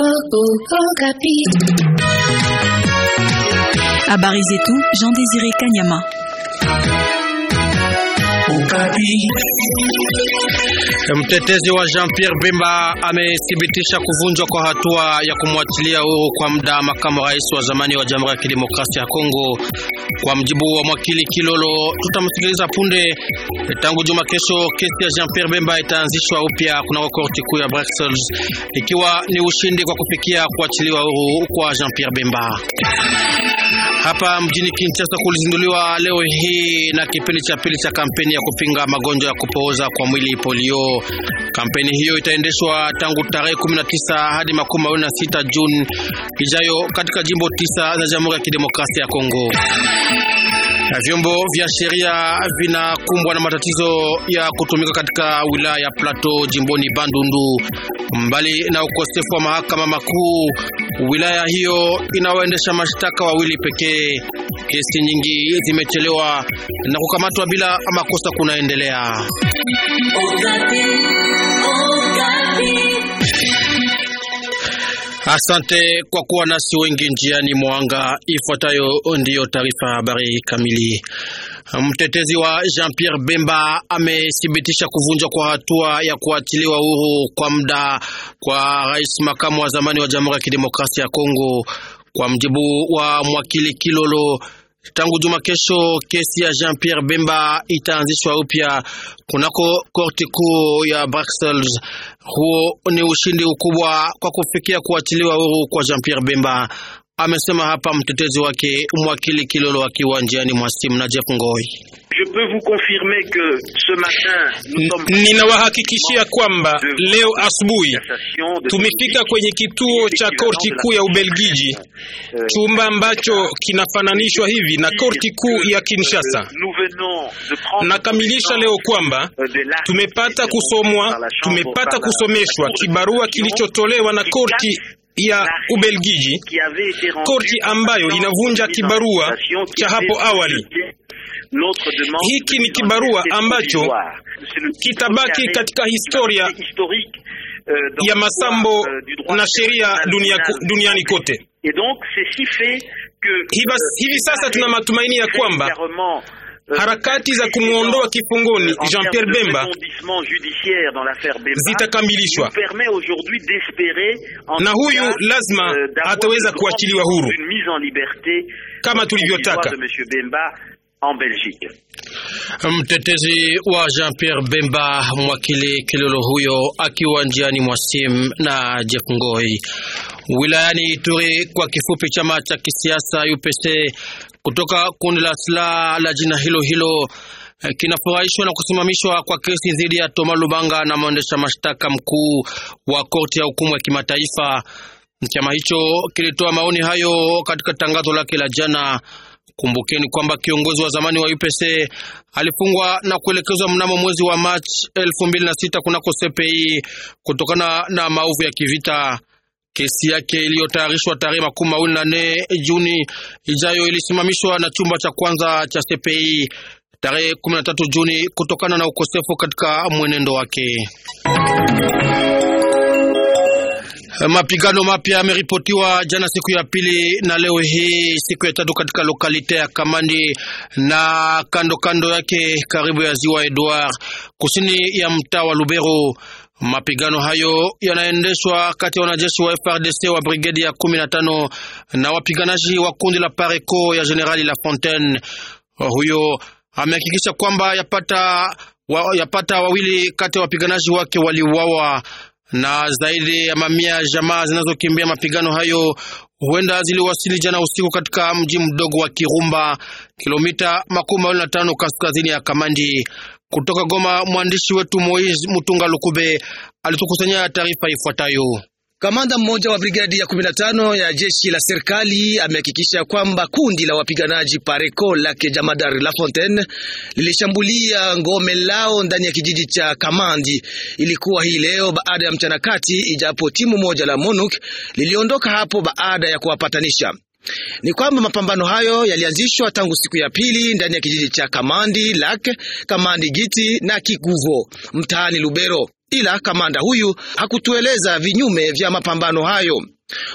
oh, oh, oh, à Barizetou, Jean-Désiré Kanyama. Mtetezi wa Jean-Pierre Bemba amethibitisha kuvunjwa kwa hatua ya kumwachilia huru kwa muda makamu rais wa zamani wa Jamhuri ya Kidemokrasia ya Kongo. Kwa mjibu wa mwakili Kilolo, tutamsikiliza punde. Tangu juma kesho, kesi ya Jean-Pierre Bemba itaanzishwa upya kunako korti kuu ya Brussels, ikiwa ni ushindi kwa kufikia kuachiliwa huru kwa Jean-Pierre Bemba. Hapa mjini Kinshasa kulizinduliwa leo hii na kipindi cha pili cha kampeni ya kupinga magonjwa ya kupooza kwa mwili polio. Kampeni hiyo itaendeshwa tangu tarehe 19 hadi 26 Juni ijayo katika jimbo tisa za Jamhuri ya Kidemokrasia ya Kongo. Vyombo vya sheria vinakumbwa na matatizo ya kutumika katika wilaya ya Plato jimboni Bandundu. Mbali na ukosefu wa mahakama makuu, wilaya hiyo inawaendesha mashtaka wawili pekee. Kesi nyingi zimechelewa na kukamatwa bila makosa kunaendelea. Asante kwa kuwa nasi wengi njiani mwanga. Ifuatayo ndiyo taarifa ya habari kamili. Mtetezi wa Jean-Pierre Bemba amethibitisha kuvunjwa kwa hatua ya kuachiliwa huru kwa muda kwa rais makamu wa zamani wa Jamhuri ya Kidemokrasia ya Kongo, kwa mjibu wa mwakili Kilolo. Tangu juma kesho, kesi ya Jean Pierre Bemba itaanzishwa upya kunako korti kuu ya Brussels. Huo ni ushindi ukubwa kwa kufikia kuachiliwa huru kwa Jean Pierre Bemba, amesema hapa mtetezi wake mwakili Kilolo akiwa njiani mwa simu na Jeff Ngoi ninawahakikishia kwamba leo asubuhi tumefika kwenye kituo cha korti kuu ya Ubelgiji, chumba euh, ambacho kinafananishwa hivi na korti kuu ya Kinshasa. Euh, Nakamilisha leo kwamba euh, tumepata kusomwa, tumepata kusomeshwa kibarua kilichotolewa na korti ya Ubelgiji, korti ambayo inavunja kibarua cha hapo awali hiki ni kibarua ambacho kitabaki katika historia euh, ya masambo euh, na sheria dunia, duniani kote. Euh, hivi sasa tuna matumaini ya kwamba harakati za kumwondoa kifungoni Jean Pierre Bemba zitakamilishwa na huyu lazima ataweza kuachiliwa huru kama tulivyotaka en Belgique. Mtetezi wa Jean-Pierre Bemba mwakili Kilolo huyo akiwa njiani mwa simu na Jeff Ngoi wilayani Ituri, kwa kifupi chama cha kisiasa UPC kutoka kundi la silaha la jina hilo hilo kinafurahishwa na kusimamishwa kwa kesi dhidi ya Toma Lubanga na mwendesha mashtaka mkuu wa korti ya hukumu ya kimataifa. Chama hicho kilitoa maoni hayo katika tangazo lake la jana. Kumbukeni kwamba kiongozi wa zamani wa UPC alifungwa na kuelekezwa mnamo mwezi wa Machi 2006 kunako CPI e kutokana na maovu ya kivita. Kesi yake iliyotayarishwa tarehe makumi mawili na nne Juni ijayo ilisimamishwa na chumba cha kwanza cha CPI e tarehe 13 Juni kutokana na ukosefu katika mwenendo wake. Mapigano mapya yameripotiwa jana siku ya pili na leo hii siku ya tatu katika lokalite ya Kamandi na kando kando yake karibu ya ziwa Edward kusini ya mtaa wa Lubero. Mapigano hayo yanaendeshwa kati ya wanajeshi wa FRDC wa brigedi ya 15 na wapiganaji wa kundi la Pareco ya Generali La Fontaine. Huyo amehakikisha kwamba yapata, wa, yapata wawili kati ya wapiganaji wake waliuawa na zaidi ya mamia jamaa zinazokimbia mapigano hayo huenda ziliwasili jana usiku katika mji mdogo wa Kirumba, kilomita makumi mawili na tano kaskazini ya Kamandi. Kutoka Goma, mwandishi wetu Moise Mutunga Lukube alitukusanyia taarifa ifuatayo. Kamanda mmoja wa brigadi ya 15 ya jeshi la serikali amehakikisha kwamba kundi la wapiganaji Pareco lake jamadari La Fontaine lilishambulia ngome lao ndani ya kijiji cha Kamandi. Ilikuwa hii leo baada ya mchana kati, ijapo timu moja la MONUC liliondoka hapo baada ya kuwapatanisha ni kwamba mapambano hayo yalianzishwa tangu siku ya pili ndani ya kijiji cha Kamandi Lak, Kamandi Giti na Kikuvo mtaani Lubero, ila kamanda huyu hakutueleza vinyume vya mapambano hayo.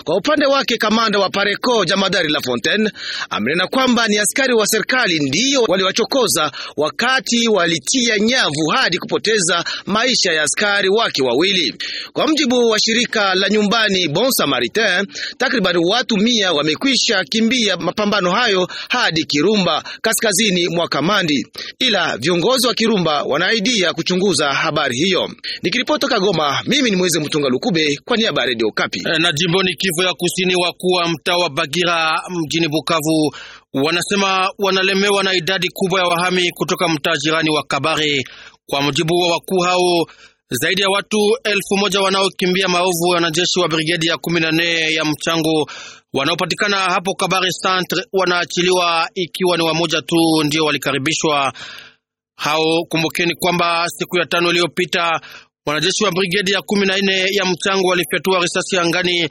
Kwa upande wake kamanda wa Pareco Jamadari La Fontaine amenena kwamba ni askari wa serikali ndiyo waliwachokoza wakati walitia nyavu hadi kupoteza maisha ya askari wake wawili. Kwa mjibu wa shirika la nyumbani Bon Samaritain, takriban watu mia wamekwisha kimbia mapambano hayo hadi Kirumba, kaskazini mwa Kamandi, ila viongozi wa Kirumba wanaaidia kuchunguza habari hiyo. Nikiripota Kagoma, mimi ni Mwezi Mtunga Lukube kwa niaba ya Radio Kapi. E, na jimbo jimboni Kivu ya Kusini, wakuu wa mtaa wa Bagira mjini Bukavu wanasema wanalemewa na idadi kubwa ya wahami kutoka mtaa jirani wa Kabare. Kwa mujibu wa wakuu hao, zaidi ya watu elfu moja wanaokimbia maovu ya wanajeshi wa brigedi ya kumi na nne ya mchango wanaopatikana hapo Kabare Centre wanaachiliwa, ikiwa ni wamoja tu ndio walikaribishwa hao. Kumbukeni kwamba siku ya tano iliyopita Wanajeshi wa brigedi ya kumi na nne ya mchango walifyatua risasi angani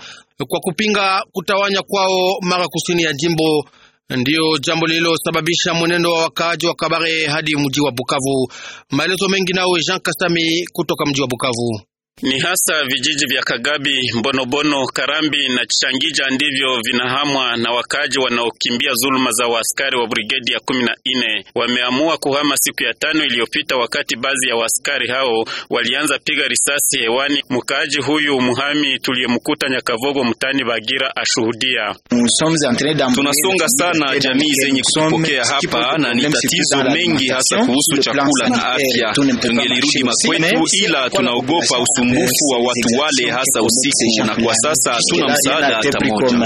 kwa kupinga kutawanya kwao mara kusini ya jimbo. Ndiyo jambo lililosababisha mwenendo wa wakaaji wa Kabare hadi mji wa Bukavu. Maelezo mengi nawe Jean Kasami kutoka mji wa Bukavu. Ni hasa vijiji vya Kagabi, Mbonobono, Karambi na Changija ndivyo vinahamwa na wakaaji wanaokimbia dhuluma za waaskari wa brigedi ya kumi na nne. Wameamua kuhama siku ya tano iliyopita, wakati baadhi ya waaskari hao walianza piga risasi hewani. Mkaaji huyu muhami tuliyemkuta Nyakavogo mtani Bagira ashuhudia. Tunasonga sana jamii zenye kutupokea hapa, na ni tatizo mengi hasa kuhusu chakula na afya. Tungelirudi makwetu, ila tunaogopa usumbufu upungufu wa watu wale, hasa usiku, na kwa sasa hatuna msaada hata mmoja.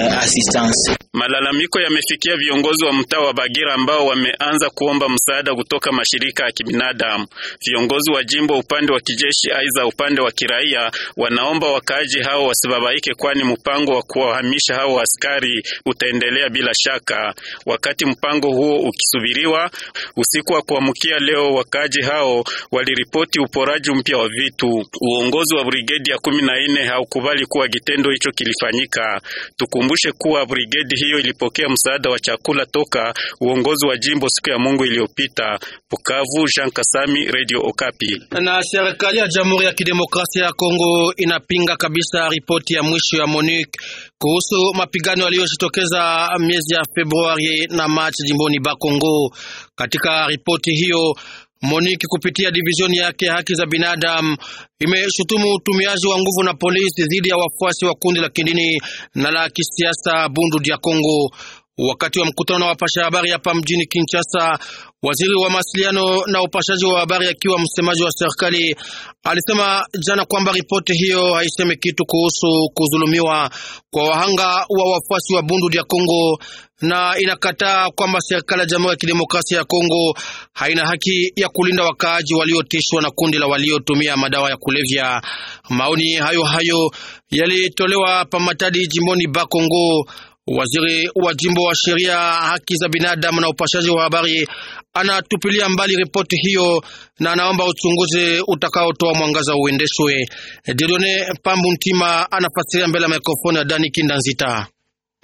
Malalamiko yamefikia viongozi wa mtaa wa Bagira ambao wameanza kuomba msaada kutoka mashirika ya kibinadamu. Viongozi wa jimbo upande wa kijeshi, aidha upande wa kiraia, wanaomba wakaaji hao wasibabaike, kwani mpango wa kuwahamisha hao askari utaendelea bila shaka. Wakati mpango huo ukisubiriwa, usiku wa kuamkia leo wakaaji hao waliripoti uporaji mpya wa vitu. Uongozi uongozi wa brigedi ya kumi na nne haukubali kuwa kitendo hicho kilifanyika. Tukumbushe kuwa brigedi hiyo ilipokea msaada wa chakula toka uongozi wa jimbo siku ya Mungu iliyopita. Bukavu, Jean Kasami, Radio Okapi. Na serikali ya Jamhuri ya Kidemokrasia ya Kongo inapinga kabisa ripoti ya mwisho ya MONUC kuhusu mapigano yaliyojitokeza miezi ya Februari na Machi jimboni Bakongo. Katika ripoti hiyo Monique kupitia divisioni yake ya haki za binadamu imeshutumu utumiaji wa nguvu na polisi dhidi ya wafuasi wa kundi la kidini na la kisiasa Bundu dia Kongo. Wakati wa mkutano na wapasha habari hapa mjini Kinshasa, waziri wa mawasiliano na upashaji wa habari akiwa msemaji wa serikali alisema jana kwamba ripoti hiyo haiseme kitu kuhusu kuzulumiwa kwa wahanga wa wafuasi wa Bundu ya Kongo na inakataa kwamba serikali ya Jamhuri ya Kidemokrasia ya Kongo haina haki ya kulinda wakaaji waliotishwa na kundi la waliotumia madawa ya kulevya. Maoni hayo hayo yalitolewa pa Matadi, jimboni Bakongo. Waziri wa jimbo wa sheria, haki za binadamu na upashaji wa habari anatupilia mbali ripoti hiyo na anaomba uchunguzi utakaotoa mwangaza uendeshwe. dedone Pambu Ntima anafasiria mbele ya mikrofoni ya Dani Kindanzita.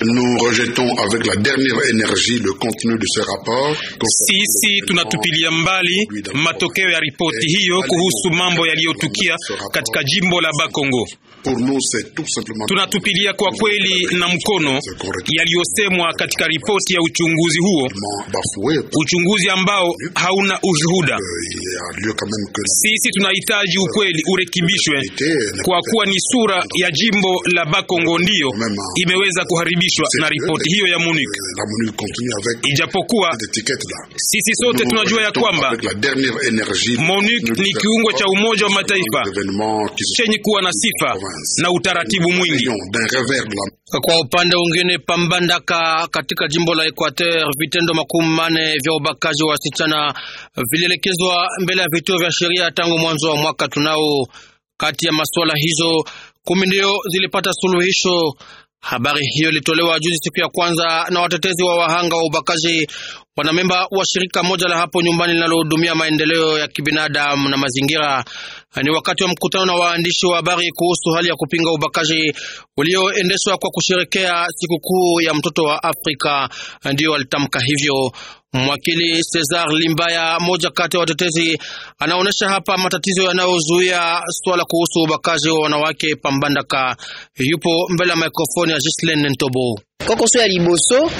Nous rejetons avec la dernière énergie le contenu de ce rapport. Sisi tunatupilia mbali matokeo ya ripoti eh, hiyo kuhusu mambo yaliyotukia katika jimbo la Bakongo. Tunatupilia kwa kweli na mkono yaliyosemwa katika ripoti ya uchunguzi huo, uchunguzi ambao hauna ushuhuda. Euh, Sisi tunahitaji euh, ukweli urekebishwe, kwa kuwa ni sura ya jimbo la Bakongo ndiyo imeweza kuharibika kuridhishwa na ripoti hiyo ya Munich, eh, ijapokuwa sisi sote tunajua ya kwamba Munich ni kiungo cha Umoja wa Mataifa chenye kuwa na sifa na utaratibu mwingi. Kwa upande mwingine, Pambandaka katika jimbo la Equateur, vitendo makumi mane vya ubakaji wa wasichana vilielekezwa mbele ya vituo vya sheria tangu mwanzo wa mwaka tunao. Kati ya masuala hizo kumi ndio zilipata suluhisho. Habari hiyo ilitolewa juzi siku ya kwanza na watetezi wa wahanga wa ubakaji, wanamemba wa shirika moja la hapo nyumbani linalohudumia maendeleo ya kibinadamu na mazingira. Ah, ni wakati wa mkutano na waandishi wa habari kuhusu hali ya kupinga ubakaji ulioendeshwa kwa kusherekea sikukuu ya mtoto wa Afrika. Ah, Ndiyo alitamka hivyo. Mwakili Cesar Limbaya, moja kati ya watetezi, anaonyesha hapa matatizo yanayozuia swala kuhusu ubakaji wa wanawake Pambandaka. Yupo mbele ya mikrofoni ya Jislen Ntobo.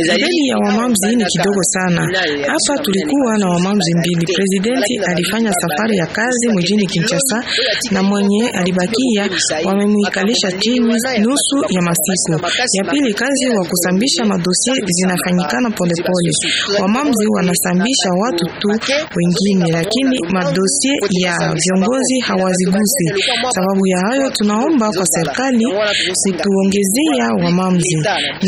Idadi ya wamamzi ni kidogo sana hapa. Tulikuwa na wamamzi mbili. Presidenti alifanya safari ya kazi mjini Kinshasa na mwenye alibakia wamemwikalisha chini nusu ya masiku ya pili. Kazi wa kusambisha madosie zinafanyikana polepole, wamamzi wanasambisha watu tu wengine, lakini madosie ya viongozi hawazigusi. Sababu ya hayo, tunaomba kwa serikali kutuongezea wamamzi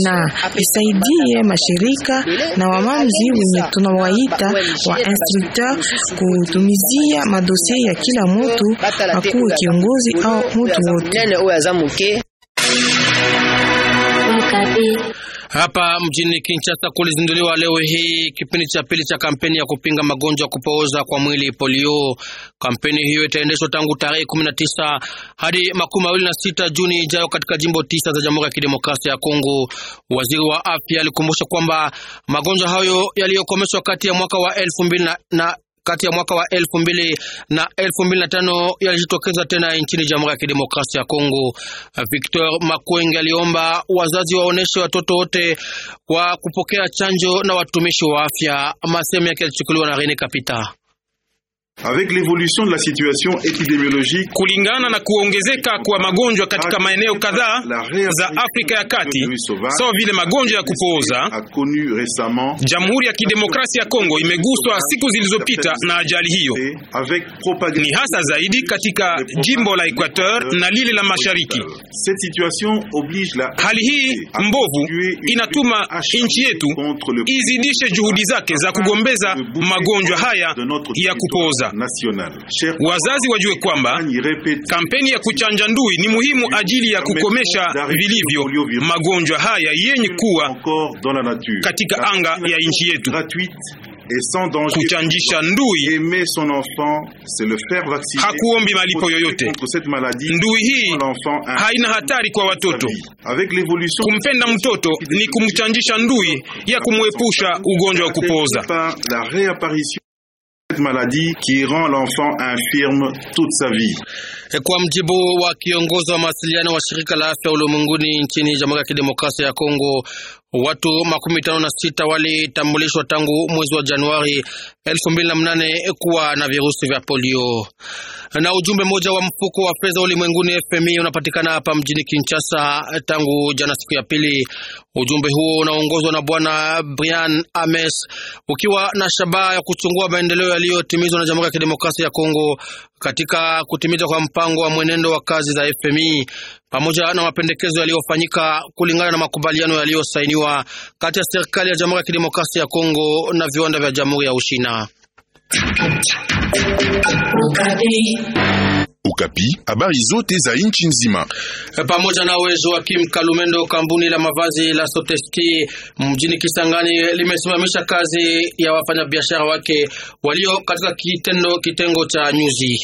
na isaidie mashirika na wamamzi wenye tunawaita wa instructeur kutumizia madosie ya kila mutu, akuwe kiongozi au mutu wote. Hapa mjini Kinshasa kulizinduliwa leo hii kipindi cha pili cha kampeni ya kupinga magonjwa ya kupooza kwa mwili polio. Kampeni hiyo itaendeshwa tangu tarehe 19 hadi makumi mawili na sita Juni ijayo katika jimbo tisa za Jamhuri ya Kidemokrasia ya Kongo. Waziri wa afya alikumbusha kwamba magonjwa hayo yaliyokomeshwa kati ya mwaka wa elfu mbili na, na kati ya mwaka wa elfu mbili na elfu mbili na tano yalijitokeza tena nchini Jamhuri ya Kidemokrasia ya Kongo. Victor Makwenge aliomba wazazi waoneshe watoto wote kwa kupokea chanjo na watumishi wa afya. maseme yake yalichukuliwa na Rene Kapita. Avec l'évolution de la situation épidémiologique, kulingana na kuongezeka kwa magonjwa katika maeneo kadhaa za Afrika ya Kati sawa vile magonjwa ya kupooza, Jamhuri ya Kidemokrasia ya Kongo imeguswa siku zilizopita na ajali hiyo. Ni hasa zaidi katika jimbo la Equateur na lile la Mashariki. Hali hii mbovu inatuma nchi yetu izidishe juhudi zake za kugombeza magonjwa haya ya kupooza. Wazazi wajue kwamba kampeni ya kuchanja ndui ni muhimu ajili ya kukomesha vilivyo magonjwa haya yenye kuwa katika anga ya nchi yetu. Kuchanjisha ndui hakuombi malipo yoyote. Ndui hii haina hatari kwa watoto. Kumpenda mtoto ni kumchanjisha ndui ya kumwepusha ugonjwa wa kupooza maladie qui rend l'enfant infirme toute sa vie. Kwa mjibu wa kiongozi wa mawasiliano wa shirika la afya ulimwenguni nchini Jamhuri ya Kidemokrasia ya Kongo, Watu makumi tano na sita walitambulishwa tangu mwezi wa Januari elfu mbili na mnane kuwa na virusi vya polio. Na ujumbe mmoja wa mfuko wa fedha ulimwenguni FMI unapatikana hapa mjini Kinshasa tangu jana siku ya pili. Ujumbe huo unaongozwa na bwana Brian Ames ukiwa na shabaha ya kuchungua maendeleo yaliyotimizwa na Jamhuri ya Kidemokrasia ya Kongo katika kutimiza kwa mpango wa mwenendo wa kazi za FMI pamoja na mapendekezo yaliyofanyika kulingana na makubaliano yaliyosainiwa kati ya serikali ya Jamhuri ya Kidemokrasia ya Kongo na viwanda vya Jamhuri ya Ushina. Okapi habari zote za nchi nzima, pamoja na uwezo wa Kim Kalumendo. Kampuni la mavazi la Sotesti mjini Kisangani limesimamisha kazi ya wafanyabiashara wake walio katika kitendo kitengo cha nyuzi.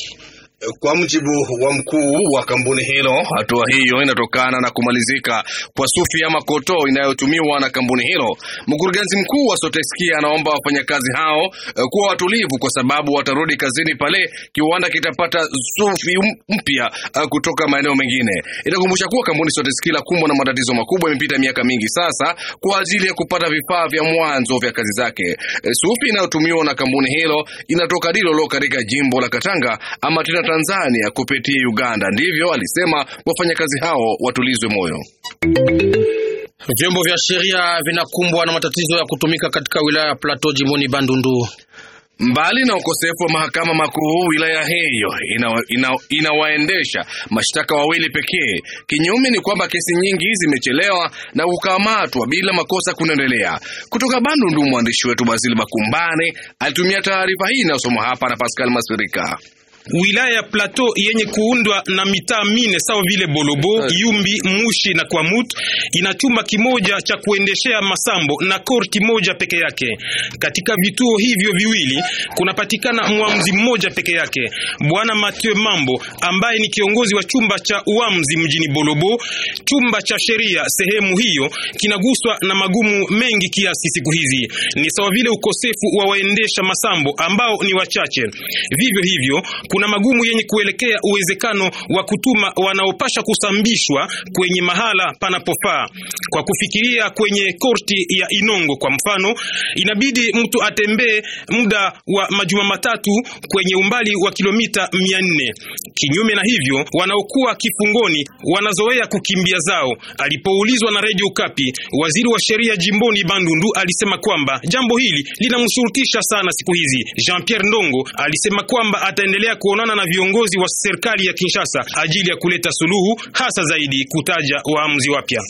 Kwa mjibu wa mkuu wa kampuni hilo, hatua hiyo inatokana na kumalizika kwa sufi ya makoto inayotumiwa na kampuni hilo. Mkurugenzi mkuu wa Sotexkia anaomba wafanyakazi hao eh, kuwa watulivu, kwa sababu watarudi kazini pale kiwanda kitapata sufi mpya eh, kutoka maeneo mengine. Itakumbusha kuwa kampuni la kumbwa na matatizo makubwa, imepita miaka mingi sasa kwa ajili ya kupata vifaa vya mwanzo vya kazi zake. Eh, sufi inayotumiwa na kampuni hilo inatoka Dilolo katika jimbo la Katanga ama Tanzania kupitia Uganda. Ndivyo alisema wafanyakazi hao watulizwe moyo. Vyombo vya sheria vinakumbwa na matatizo ya kutumika katika wilaya ya Plateau jimboni Bandundu. Mbali na ukosefu wa mahakama makuu, wilaya hiyo inawaendesha ina, ina mashtaka wawili pekee. Kinyume ni kwamba kesi nyingi zimechelewa na kukamatwa bila makosa kunaendelea. Kutoka Bandundu, mwandishi wetu Basil Bakumbane alitumia taarifa hii inayosomwa hapa na Pascal Masirika wilaya ya Plateau yenye kuundwa na mitaa mine sawa vile Bolobo, Yumbi, Mushi na Kwamut ina chumba kimoja cha kuendeshea masambo na korti moja peke yake. Katika vituo hivyo viwili kunapatikana mwamzi mmoja peke yake, Bwana Mathieu Mambo ambaye ni kiongozi wa chumba cha uamuzi mjini Bolobo. Chumba cha sheria sehemu hiyo kinaguswa na magumu mengi kiasi siku hizi, ni sawa vile ukosefu wa waendesha masambo ambao ni wachache. Vivyo hivyo kuna magumu yenye kuelekea uwezekano wa kutuma wanaopasha kusambishwa kwenye mahala panapofaa. Kwa kufikiria kwenye korti ya Inongo kwa mfano, inabidi mtu atembee muda wa majuma matatu kwenye umbali wa kilomita nne. Kinyume na hivyo, wanaokuwa kifungoni wanazoea kukimbia zao. Alipoulizwa na Radio Kapi, waziri wa sheria jimboni Bandundu alisema kwamba jambo hili linamshurutisha sana siku hizi. Jean Pierre Ndongo alisema kwamba ataendelea kuonana na viongozi wa serikali ya Kinshasa ajili ya kuleta suluhu, hasa zaidi kutaja waamuzi wapya.